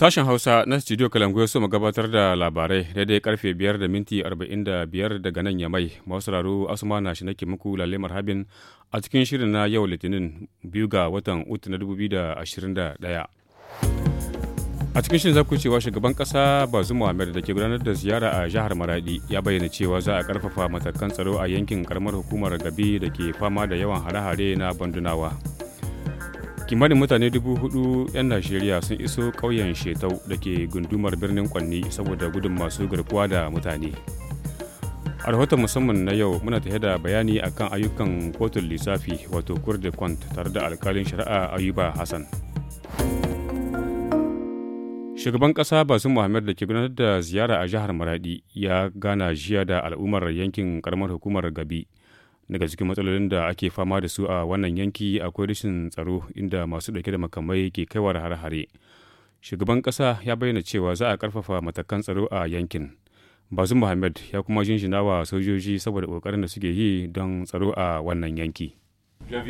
Sashen Hausa na Studio Kalangoyo su gabatar da labarai daidai karfe 5 da minti 45 daga nan yamai. Masu Asuma na shi nake muku lalle marhabin a cikin shirin na yau Litinin biyu ga watan Utu na 2021. A cikin shirin za cewa shugaban kasa Bazu Ahmed da ke gudanar da ziyara a jihar Maradi ya bayyana cewa za a karfafa matakan tsaro a yankin karamar hukumar Gabi da ke fama da yawan hare-hare na bandunawa. kimanin mutane dubu hudu 'yan najeriya sun iso ƙauyen shetau da ke gundumar birnin kwanni saboda gudun masu garkuwa da mutane a rahoton musamman na yau muna tafiya da bayani akan ayyukan kotun lissafi wato cour de tare da alkalin shari'a ayuba hassan shugaban kasa basu muhammad da ke gudanar da ziyara a jihar maradi ya gana jiya da al'ummar yankin karamar hukumar gabi daga cikin matsalolin da ake fama da su a wannan yanki akwai rashin tsaro inda masu ɗauke da makamai ke kaiwa da hare-hare shugaban ƙasa ya bayyana cewa za a ƙarfafa matakan tsaro a yankin bazin muhammad ya kuma jinjina wa sojoji saboda ƙoƙarin da suke yi don tsaro a wannan yanki Na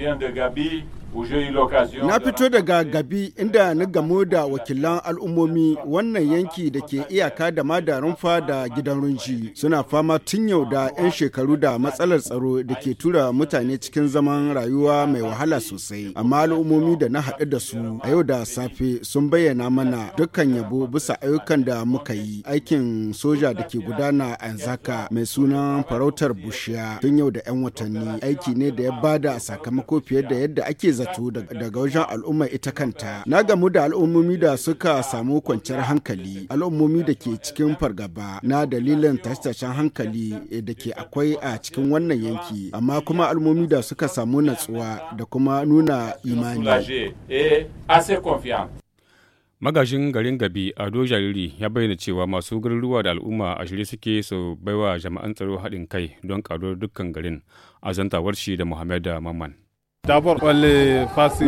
fito daga Gabi inda na gamo da wakilan al'ummomi wannan yanki da ke iyaka da madarin fa da gidan runji suna fama tun yau da 'yan shekaru da matsalar tsaro da ke tura mutane cikin zaman rayuwa mai wahala sosai. Amma al'ummomi da na haɗu da su a yau da safe sun bayyana mana dukkan yabo bisa ayyukan da muka yi aikin soja da ke gudana a yanzu mai sunan farautar bushiya tun yau da 'yan watanni aiki ne da ya bada sakamako fiye da yadda ake zato daga wajen al'umma ita kanta. Na gamu da al'ummomi da suka samu kwanciyar hankali, al'ummomi da ke cikin fargaba na dalilin tashtashen hankali eh, da ke akwai a cikin wannan yanki, amma kuma al'ummomi da suka samu natsuwa da kuma nuna imani. Magajin garin Gabi Ado Jariri ya bayyana cewa masu garuruwa da al'umma a shirye suke su baiwa jama'an tsaro haɗin kai don ƙaruwar dukkan garin a zantawar shi da Muhammad Mamman.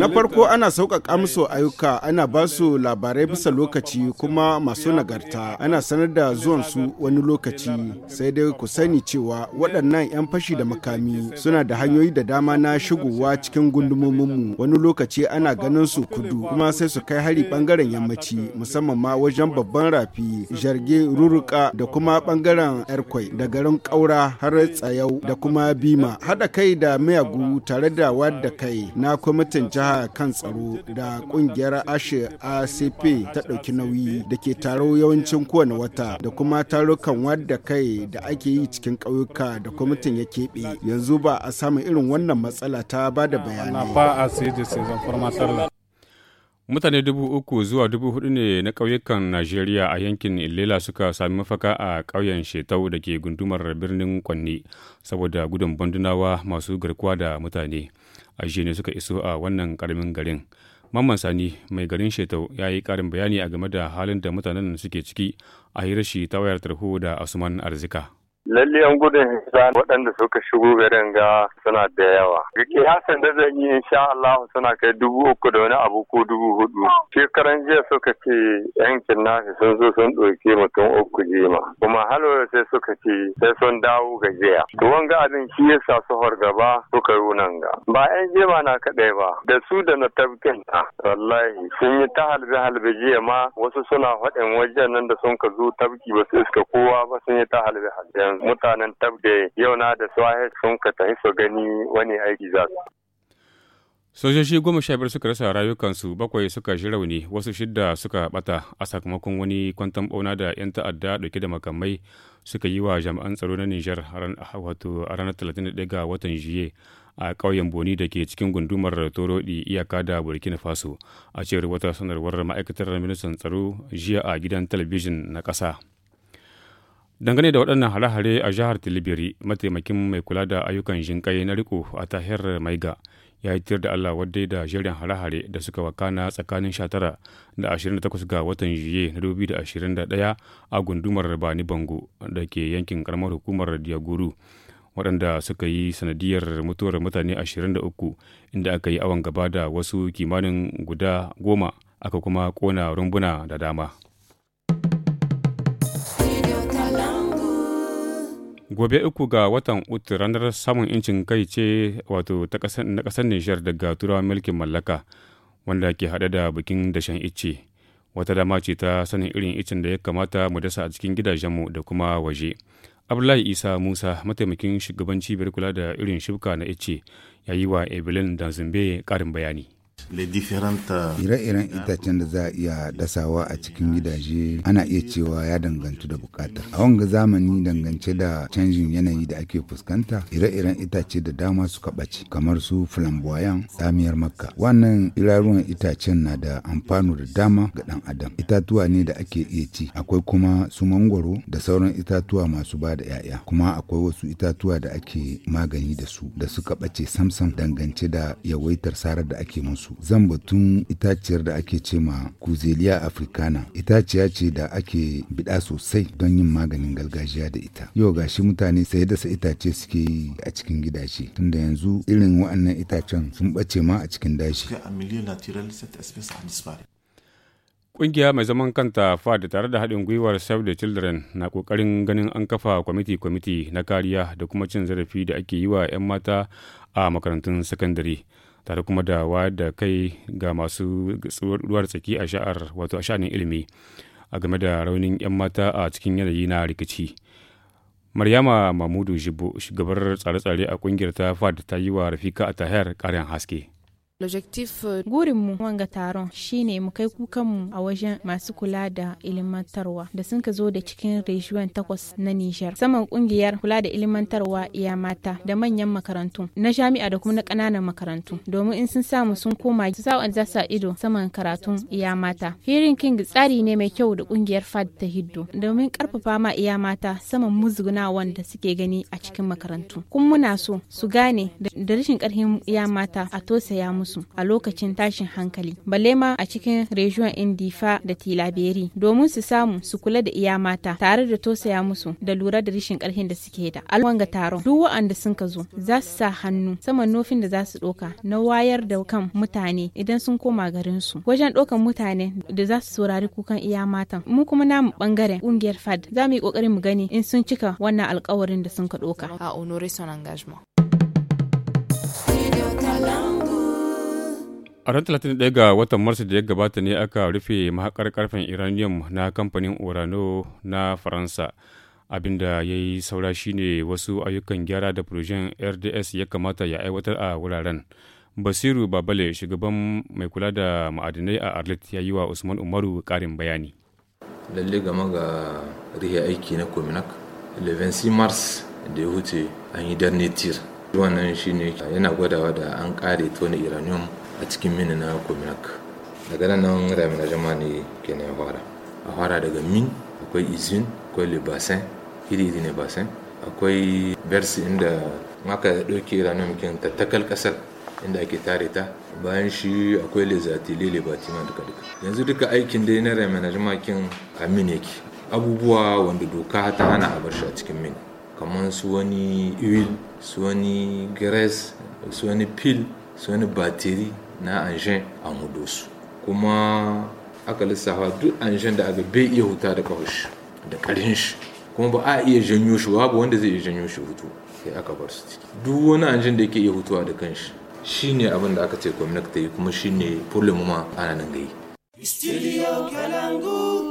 Na farko ana sauƙaƙa musu ayyuka ana ba su labarai bisa lokaci kuma masu nagarta ana sanar da zuwansu wani lokaci sai dai ku sani cewa waɗannan 'yan fashi da makami suna da hanyoyi da dama na shigowa cikin gundumominmu wani lokaci ana ganin su kudu kuma sai su kai hari ɓangaren yammaci musamman ma wajen babban rafi jarge ruruka da kuma ɓangaren erkwai da garin ƙaura har tsayau da kuma bima haɗa kai da miyagu tare da wada da kai na kwamitin jiha kan tsaro da kungiyar ashe acp ta ɗauki nauyi da ke taro yawancin kowane wata da kuma tarukan wadda kai da ake yi cikin kauyuka da kwamitin ya keɓe yanzu ba a samun irin wannan matsala ta ba da bayanai mutane dubu uku zuwa dubu hudu ne na ƙauyukan najeriya a yankin ilela suka sami mafaka a ƙauyen shetau da ke gundumar birnin kwanne saboda gudun bandunawa masu garkuwa da mutane a ne suka iso a wannan karamin garin mamman sani mai garin shetau ya yi karin bayani a game da halin da mutanen suke ciki a hirar shi ta wayar tarho da asuman arzika lalle yan gudun hijira waɗanda suka shigo garin ga suna da yawa kiyasan da zan yi insha Allah suna kai dubu uku da wani abu ko dubu hudu shekaran jiya suka ce yankin nasu sun zo sun ɗauki mutum uku jima kuma halo sai suka ce sai sun dawo ga jiya to wanga abin shi ya sa su gaba suka yi nan ga ba yan jima na kaɗai ba da su da na tabkin ta wallahi sun yi ta halbe halbe jiya ma wasu suna faɗin wajen nan da sun ka zo tabki ba su iska kowa ba sun yi ta halbe halbe mutanen tabde yau na da swahil sun ka tafi su gani wani aiki za su. Sojoji goma sha biyar suka rasa rayukansu bakwai suka ji rauni wasu shidda suka bata a sakamakon wani kwantan bauna da 'yan ta'adda dauke da makamai suka yi wa jami'an tsaro na Nijar wato a ranar 31 ga watan Juye a ƙauyen Boni da ke cikin gundumar Torodi iyaka da Burkina Faso a cewar wata sanarwar ma'aikatar ministan tsaro jiya a gidan talabijin na ƙasa. dangane da waɗannan hare-hare a jihar tilibiri mataimakin mai kula da ayyukan jinƙai na riko a tahir maiga ya yi da allah wadda da jerin hare-hare da suka wakana tsakanin 19 da 28 ga watan juye na 2021 a gundumar bani bango da ke yankin karamar hukumar diaguru waɗanda suka yi sanadiyar mutuwar mutane 23 inda aka yi awon gaba da wasu kimanin guda goma aka kuma ƙona rumbuna da dama gobe uku ga watan uku ranar samun incin kai ce wato na kasar nishar daga turawa milkin mallaka wanda ke haɗe da bikin dashen icce wata dama ce ta sanin irin icin da ya kamata mu dasa a cikin gidajenmu da kuma waje abdullahi isa musa mataimakin shugaban cibiyar kula da irin shuka na icce ya yi wa evelyn zimbe karin bayani Ire-iren itacen da za a iya dasawa a cikin gidaje ana iya cewa ya dangantu da bukatar. A wanga zamani dangance da canjin yanayi da ake fuskanta, ire-iren itace da dama suka ɓace, kamar su flamboyan, tsamiyar makka. Wannan iraruwan itacen na da amfano da dama ga ɗan adam. Itatuwa ne da ake iya ci, akwai kuma su mangwaro da sauran itatuwa masu ba da 'ya'ya. Kuma akwai wasu itatuwa da ake magani da su da suka ɓace samsam dangance da yawaitar sarar da ake musu. su zan batun itaciyar da ake ce ma kuzeliya africana itaciya ce da ake bida sosai don yin maganin gargajiya da ita yau gashi mutane sai sa itace suke yi a cikin gidaje tunda yanzu irin waɗannan itacen sun bace ma a cikin dashi Ƙungiya mai zaman kanta FAD tare da haɗin gwiwar Save the Children na kokarin ganin an kafa kwamiti-kwamiti na kariya da kuma cin zarafi da ake yi wa 'yan mata a makarantun sakandare. tare kuma da wayar da kai ga masu ruwar tsaki a sha'ar wato a sha'anin ilimi a game da raunin 'yan mata a cikin yanayi na rikici maryama mamudu jibo shugabar tsare-tsare a kungiyar ta fad ta yi wa rafika a tahiyar ƙarin haske L'objectif euh, gurinmu wanga taron shine mu kai kukanmu a wajen masu kula da ilimantarwa da sun ka zo da cikin rejiyon takwas na Nijar. Saman kungiyar kula da ilimantarwa iya mata da manyan makarantu na jami'a da kuma na ƙananan makarantu domin in sun samu sun koma Su za za sa ido saman karatun iya mata. Hearing King tsari ne mai kyau da kungiyar FAD ta hiddo domin karfafa ma iya mata saman muzgunawan da suke gani a cikin makarantu. Kuma muna so su gane da rashin karfin iya mata a ya musu. su a lokacin tashin hankali balle ma a cikin rejiyon indifa da tilaberi domin su samu su kula da iya mata tare da tosaya musu da lura da rishin karfin da suke da alwan ga taron duk waɗanda sun ka zo za su sa hannu saman nofin da za su ɗoka na wayar da kan mutane idan sun koma garin su wajen ɗokan mutane da za su saurari kukan iya matan mu kuma namu bangaren ƙungiyar fad za mu yi ƙoƙarin mu gani in sun cika wannan alkawarin da sun ka ɗoka. a honorer son engagement. A ran 31 ga watan Maris da ya gabata ne aka rufe mahakar karfen Iranium na kamfanin Orano na Faransa. abinda da ya yi saura shine wasu ayyukan gyara da projen RDS ya kamata ya aiwatar a wuraren. Basiru Babale, shugaban mai kula da ma'adinai a Arlit ya yi wa Usman Umaru karin bayani. Lalle game ga rihe aiki na Kominak, 11 Mars da ya wuce an yi darnetir. Wannan shine yana gwadawa da an ƙare tona Iranium a cikin mini na kominak daga nan na jama'a ne ke na fara a fara daga min akwai izin akwai libasin iri iri ne basin akwai bersi inda maka ɗauke ranar mukin tattakal ƙasar inda ake tare ta bayan shi akwai ba tima duka duka yanzu duka aikin da na ramin jama'a kin a min yake abubuwa wanda doka ta hana a bar shi a cikin min kamar su wani iwil su wani su wani pil su wani batiri na anjin a su kuma aka lissafa duk anshen da aka bai iya huta da kwash da ƙarhin shi kuma ba a iya janyo shi babu wanda zai iya janyo shi hutu sai aka bar su ciki duk wani anjin da yake iya hutuwa da kanshi ne abin da aka ce gwamnati ta yi kuma shi ne ma ana nan gai. Studio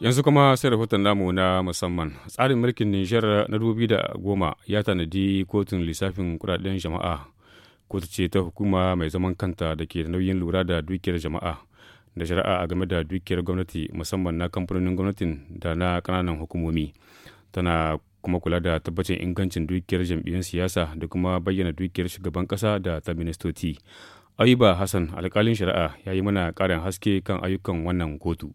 yanzu kuma sai rahoton namu na musamman tsarin mulkin nijar na goma ya tanadi kotun lissafin kudaden jama'a kotu ce ta hukuma mai zaman kanta da ke da nauyin lura da dukiyar jama'a da shari'a a game da dukiyar gwamnati musamman na kamfanonin gwamnatin da na kananan hukumomi tana kuma kula da tabbacin ingancin dukiyar jam'iyyun siyasa da kuma bayyana dukiyar shugaban kasa da ta ministoci ayuba hassan alkalin shari'a ya yi mana karin haske kan ayyukan wannan kotu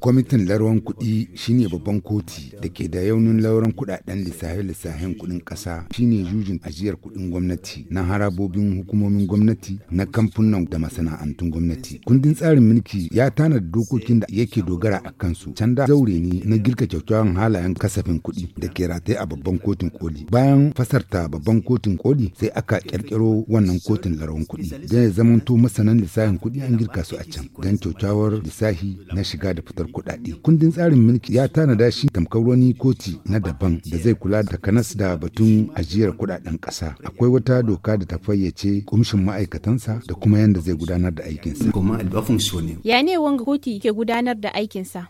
Kwamitin larwan kuɗi shine babban koti da ke da yaunin lauran kuɗaɗen lissafe-lissafen kuɗin ƙasa shine jujin ajiyar kuɗin gwamnati na harabobin hukumomin gwamnati na kamfunan da masana'antun gwamnati. Kundin tsarin mulki ya tana da dokokin da yake dogara a kansu. Can da zaure ne na girka kyakkyawan halayen kasafin kuɗi da ke rataye a babban kotun koli. Bayan fasarta babban kotun koli sai aka ƙirƙiro wannan kotun larwan kuɗi. Da ya zamanto masanan lissafin kuɗi an girka su a can don kyakkyawar lissafin lissafi na shiga da fitar kuɗaɗe. Kundin tsarin mulki ya tanada shi tamkar wani koti na daban da zai kula da kanas da batun ajiyar kuɗaɗen ƙasa. Akwai wata doka da ta fayyace kumshin ma'aikatansa da kuma yadda zai gudanar da aikinsa. Ya ne wanga koti ke gudanar da aikinsa?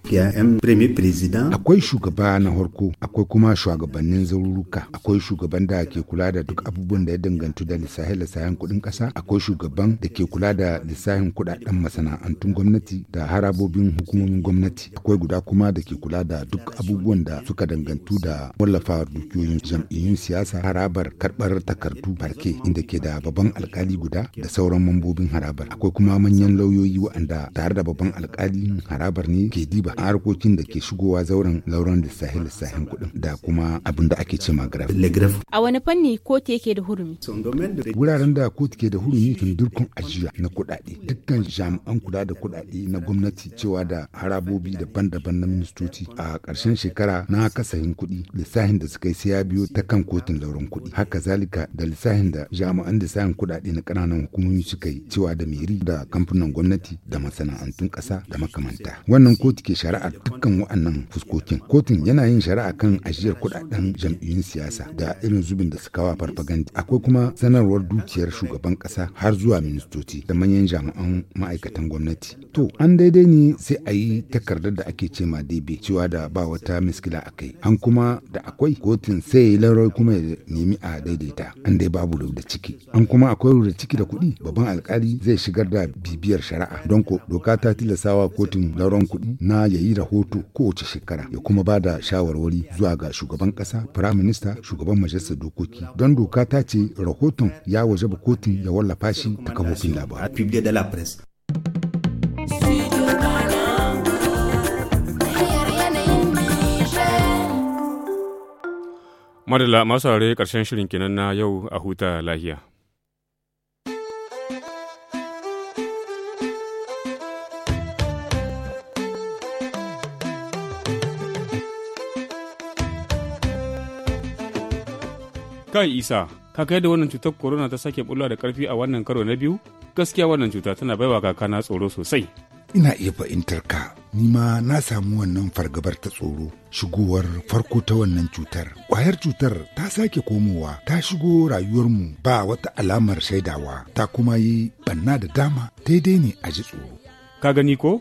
Akwai shugaba na harko, akwai kuma shugabannin zaruruka, akwai shugaban da ke kula da duk abubuwan da ya dangantu da lissahin lissahin kuɗin ƙasa, akwai shugaban da ke kula da lissafin kuɗaɗen masana'antun gwamnati da harabobin hukumomin gwamnati akwai guda kuma da ke kula da duk abubuwan da suka dangantu da wallafa dukiyoyin jam'iyyun siyasa harabar karbar takardu farke inda ke da babban alkali guda da sauran mambobin harabar akwai kuma manyan lauyoyi waɗanda tare da babban alkalin harabar ne ke diba harkokin da ke shigowa zauren lauran lissahin lissahin kuɗin da kuma abin da ake cema graf a wani fanni kotu yake da hurumi wuraren da kotu ke da hurumi tun durkun ajiya na kuɗaɗe dukkan jami'an kula da kuɗaɗe na gwamnati gwamnati cewa da harabobi daban-daban na ministoci a ƙarshen shekara na kasahin kuɗi lissahin da suka yi sai ya biyo ta kan kotun lauran kuɗi haka zalika da lissahin da jami'an sayan kuɗaɗe na kananan hukumomi suka yi cewa da meri da kamfanin gwamnati da masana'antun ƙasa da makamanta wannan kotu ke shari'a dukkan wa'annan fuskokin kotun yana yin shari'a kan ajiyar kuɗaɗen jam'iyyun siyasa da irin zubin da suka wa farfaganti akwai kuma sanarwar dukiyar shugaban ƙasa har zuwa ministoci da manyan jami'an ma'aikatan gwamnati to an dai dai ne sai a yi takardar da ake ce ma DB cewa da ba wata miskila a kai. An kuma da akwai kotun sai yi kuma ya nemi a daidaita an dai babu da ciki. An kuma akwai rubda ciki da kuɗi babban alkali zai shigar da bibiyar shari'a don ko doka ta tilasawa kotun lauran kuɗi na ya yi rahoto kowace shekara ya kuma ba da shawarwari zuwa ga shugaban ƙasa, minista shugaban majalisar dokoki don doka ta ce rahoton ya wajaba kotun ya wallafa shi ta kafofin labarai. Madalla masu saurare ƙarshen shirin kenan na yau a huta lahiya. Kai Isa, ka kai da wannan cutar korona ta sake bulla da karfi a wannan karo na biyu? Gaskiya wannan cuta tana baiwa kakana tsoro sosai. Ina iya fahimtar ka ni ma na samu wannan fargabar ta tsoro shigowar farko ta wannan cutar. Ƙwayar cutar ta sake komowa ta shigo rayuwarmu ba wata alamar shaidawa ta kuma yi banna da dama daidai ne a ji tsoro. Ka gani ko?